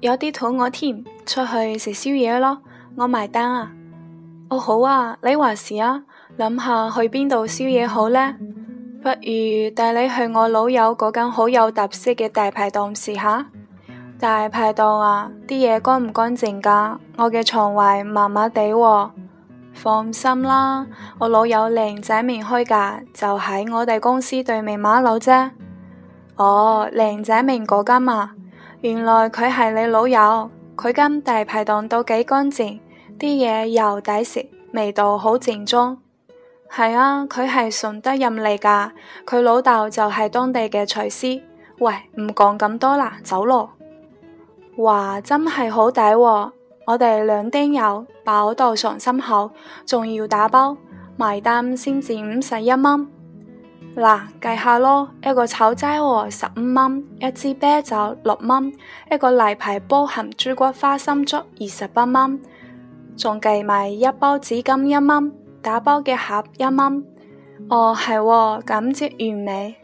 有啲肚餓添，出去食宵夜咯，我埋單啊！哦，好啊，你話事啊，諗下去邊度宵夜好呢？不如帶你去我老友嗰間好有特色嘅大排檔試下。大排檔啊，啲嘢乾唔乾淨噶？我嘅腸胃麻麻地喎。放心啦，我老友靚仔明開噶，就喺我哋公司對面馬路啫。哦，靚仔明嗰間啊？原來佢係你老友，佢間大排檔都幾乾淨，啲嘢又抵食，味道好正宗。係啊，佢係順德人嚟噶，佢老豆就係當地嘅廚師。喂，唔講咁多啦，走咯。哇，真係好抵喎，我哋兩丁友飽到上心口，仲要打包，埋單先至五十一蚊。嗱，計下咯，一個炒齋河十五蚊，一支啤酒六蚊，一個例牌煲鹹豬骨花生粥二十八蚊，仲計埋一包紙巾一蚊，打包嘅盒一蚊。哦係，咁即、哦、完美。